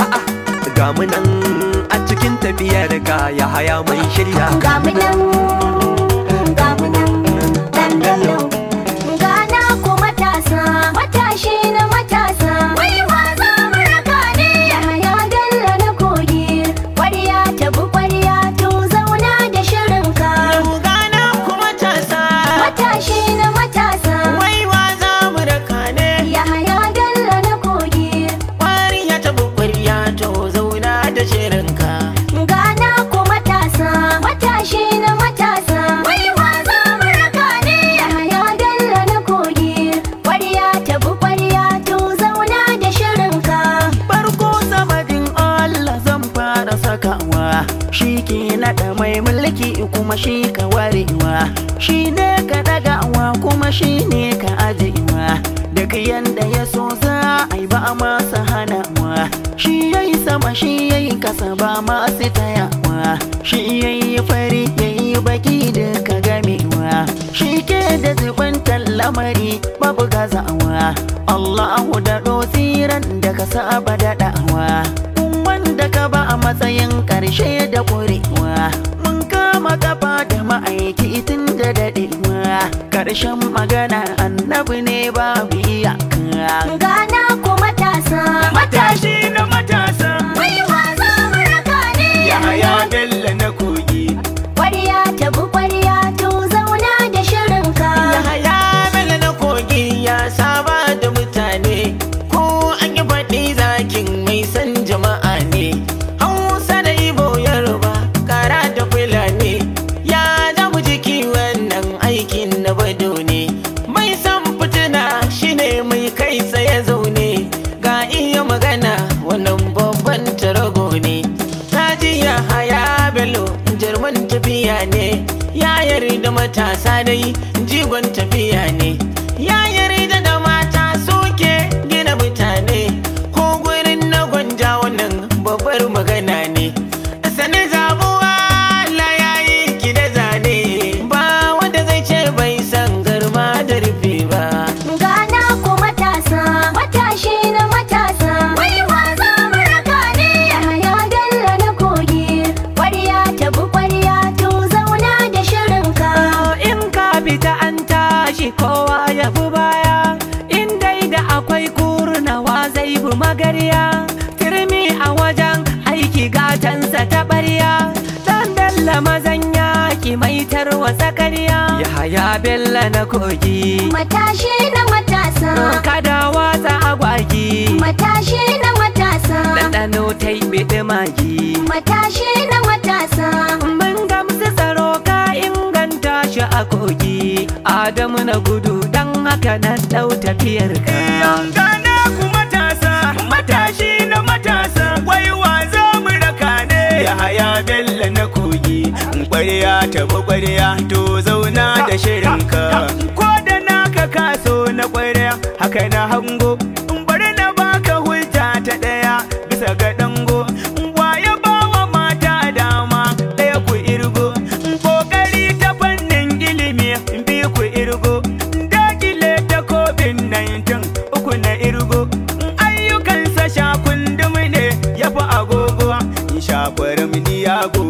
a'a ga mu nan a cikin tafiyar ga ya haya mun shirya ga mu nan ga mu nan dan duk yanda ya so za ai ba masa wa. shi yayi sama shi yayi kasa ba masu wa. shi yayi fari yayi baki da ka game wa. shi ke da zuban lamari babu gazawa Allahu da dosiran da ka saba daɗawa wanda ka ba a matsayin ƙarshe da wa? mun kama kafa da ma'aiki tun da daɗi. karshen magana annabi ne babu biya gana ko matasa matashi na matasa mai wasa maraka ne ya bello na kogi ƙwarya ta bukwai ne ya yarda matasa dai jigon tafiya ne ya zakariya Yahaya Bello na kogi Matashi na matasa Kada watsa agwagi Matashi na matasa Ɗanɗano ta yi biɗi magi Matashi na matasa Mun gamsu tsaro ka inganta shi a kogi Adamu na gudu don haka na ɗau tafiyar ka. ta bu kwariya to zauna da shirinka ko da naka kaso na ƙwarya haka na hango in bari na baka hujja ta ɗaya bisa ga dango ba wa mata dama ɗaya ku irgo ƙoƙari ta fannin ilimi bi ku irgo dakile ta kobin tun uku na irgo ayyukansa shakundum ne ya fi agogo shafarin diyago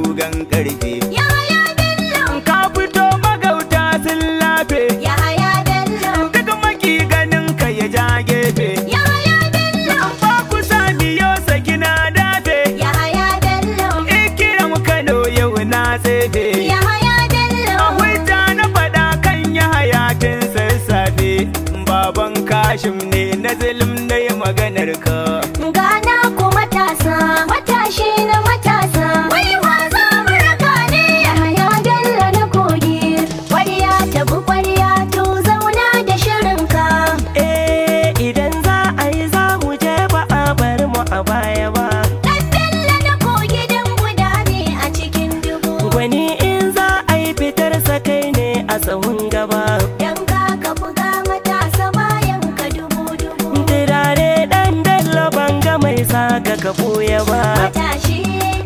kashim ne na zulum na maganar ka ka ɓuya ba matashi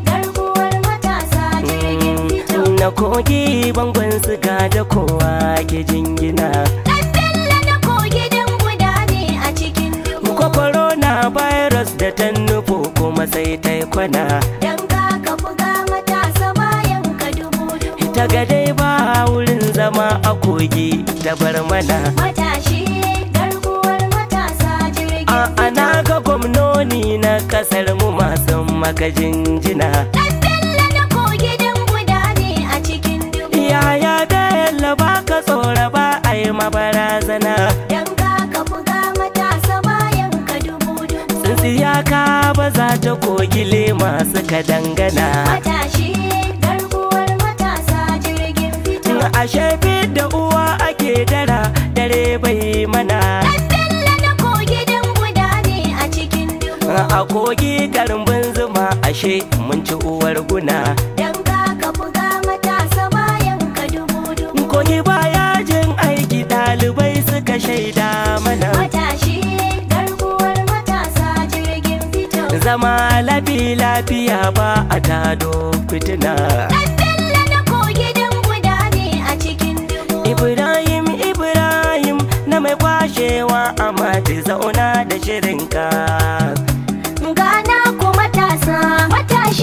garkuwar matasa jirgin fito mm, na kogi bangon suga da kowa ke jingina Corona virus da ta nufo kuma sai ta yi kwana. Dan ka ka buga matasa bayan ka dubu dubu. Ta gadai ba wurin zama a kogi ta bar mana. ka jinjina Dan guda ne a cikin dubu Yaya Bello ba ka tsora ba a yi mabarazana Dan ka ka buga matasa bayan ka dubu dubu Tsintsiya ka ba za ta kogile masu ka dangana Matashi garkuwar matasa jirgin fito A fit da uwa ake dara dare bai mana Dan Bello na guda ne a cikin dubu a kogi karbin ce mun ci uwar guna dan ka buga matasa bayan ka dubu dubu koyi ba yajin aiki ɗalibai suka shaida mana matashi garkuwar matasa jirgin fito zama labi lafiya ba a tado fitina Ibrahim Ibrahim na mai kwashewa a mati zauna da shirinka.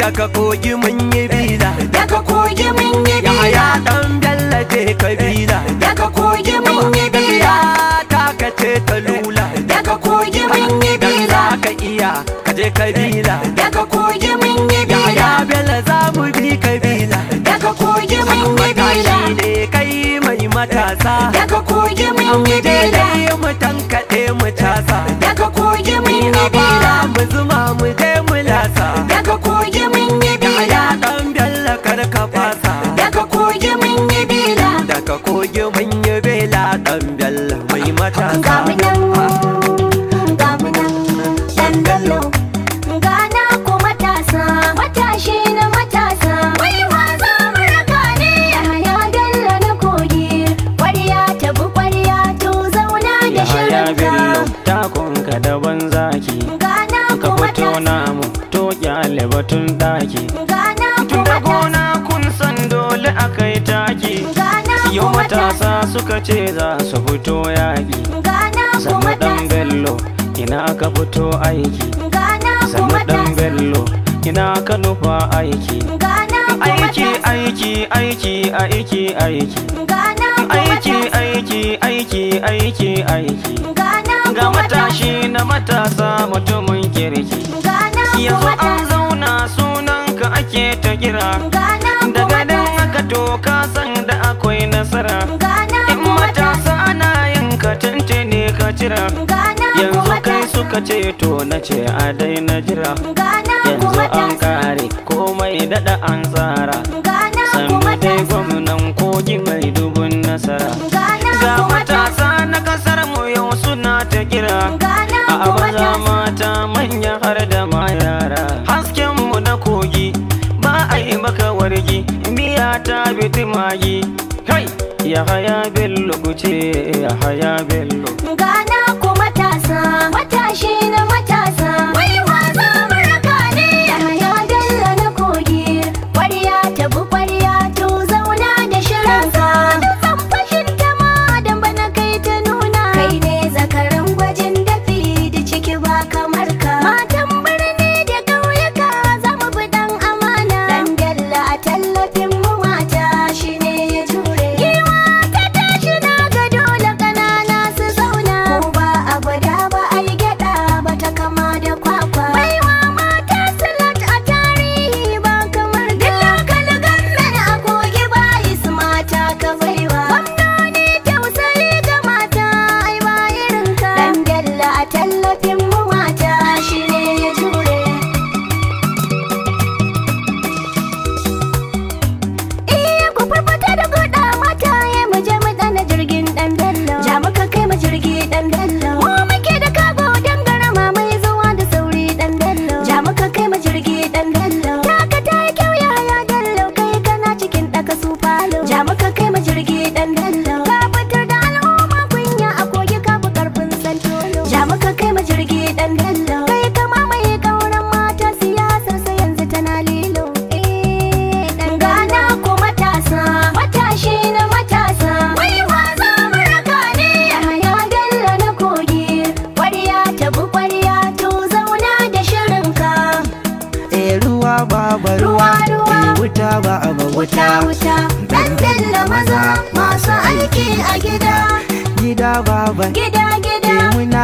daga kogi mun yi biza daga kogi mun yi biza ya dan bella ce ka biza daga kogi mun yi biza ta ka ce ta lula daga kogi mun yi biza ka iya ka je ka biza daga kogi mun yi biza ya bella za mu bi ka biza daga kogi mun yi biza ne kai mai matasa daga kogi mun yi biza mu tankaɗe mu tasa. daga kogi mun yi biza mu zuma mu Tun daki tunda gona kun san dole kai taki yau matasa suka ce za su fito yaki sannu ɗan bello ina ka fito aiki sannu ɗan bello ina ka nufa aiki aiki aiki aiki aiki aiki aiki aiki aiki aiki aiki ga matashi na matasa mutumin kirki yanzu an zauna sunanka ake ta kira daga dan haka to san da akwai nasara in matasa ana yin ka ne ka jira. yanzu kai suka ce to na ce a daina jira yanzu an kare komai daɗa an tsara sannu dai gwamnan kogi mai dubun nasara ta biti magi kai ya haya bello kuce ya haya bello gana ku matasa matashi na matasa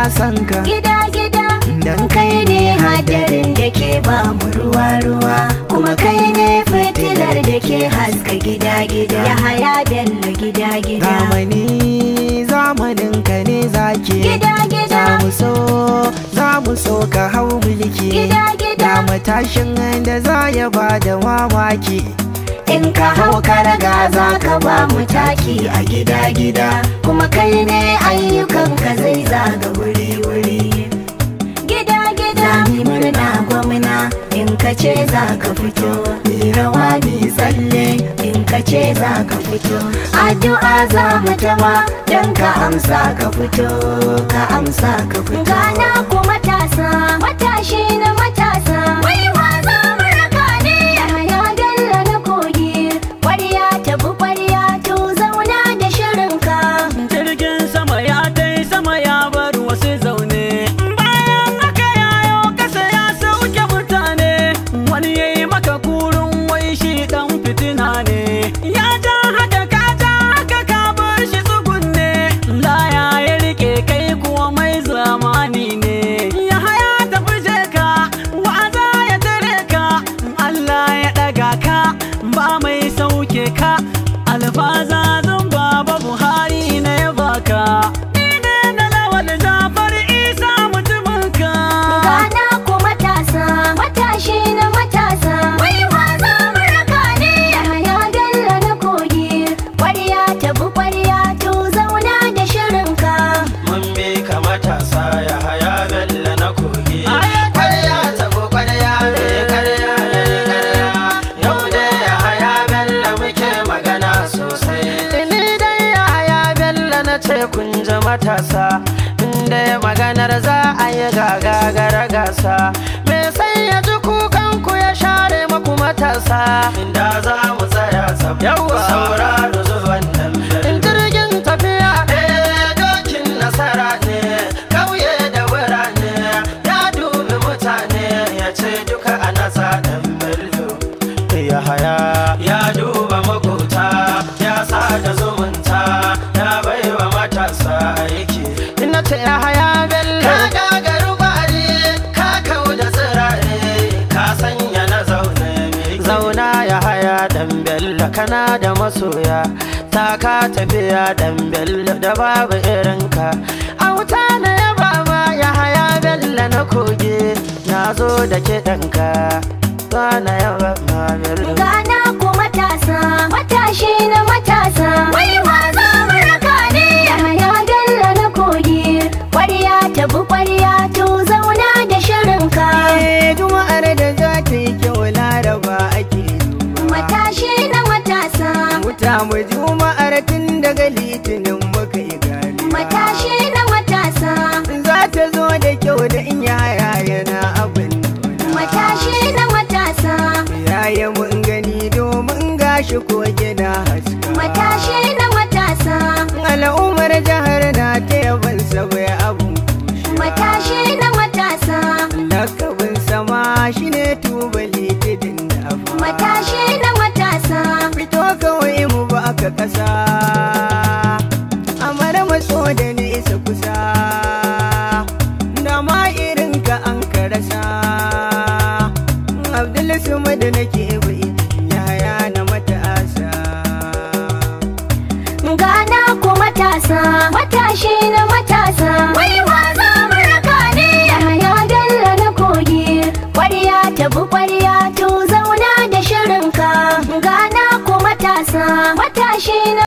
na ka gida gida dan kai ne hadarin da ke ba mu ruwa ruwa kuma kai ne fitilar da ke haska gida gida ya haya bello gida gida zamani zamanin ka ne zaki gida gida za mu so za mu so ka hau mulki gida gida matashin da za ya ba da mamaki in ka hau karaga raga za ka ba mu taki a gida-gida kuma kai ne ayyukan ka zai zaga wuri-wuri gida-gida mi murna gwamna in ka ce za ka fito mi rawa mi tsalle in ka ce za ka fito addu'a za mu tama don ka amsa ka fito ka amsa ka fito gana ku matasa matashi na mata. ka alfaza zan matasa inda maganar za a yi gagagara gasa me sai ya ji kukan ku ya share maku matasa inda za mu tsaya sab Yau sauraro zuwan nan in jirgin tafiya eh dokin nasara ne kauye da birane ya dubi mutane ya ce duka a nasa dan eh, ya haya ta yahaya bello ka gagaru bari ka da tsirare ka sanya na zaune zauna yahaya dan bello kana da masoya ta ka tafiya dan da babu irinka auta na yaba yahaya bello na koge na zo da kiɗanka ba na yaba bello juma'ar tun daga litinin muka yi gani matashi na matasa za ta zo da kyau da in yaya yana abin matashi na matasa yaya mun gani domin gashi koge da ƙasa. Amar maso da ni